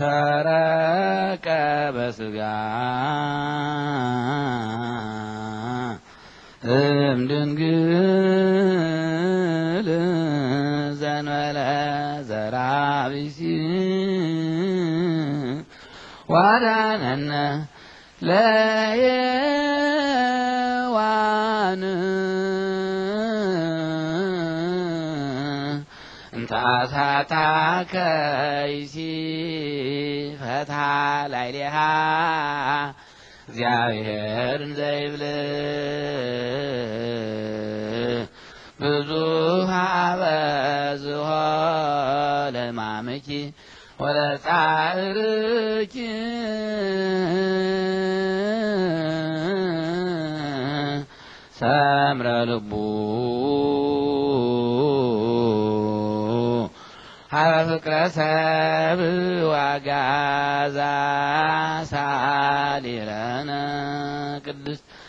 ሰረቀ በስጋ እምድንግል ዘንበለ ዘራቢሲ ዋዳነነ ለየዋን እንታሳታከ ፈታ ላዕሌሃ እግዚአብሔር ዘይብል ብዙ በዝሆ ለማምኪ ወለጻርኪ ሰምረ ልቡ ሀበ ሰብ ዋጋዛ ሳሊረነ ቅዱስ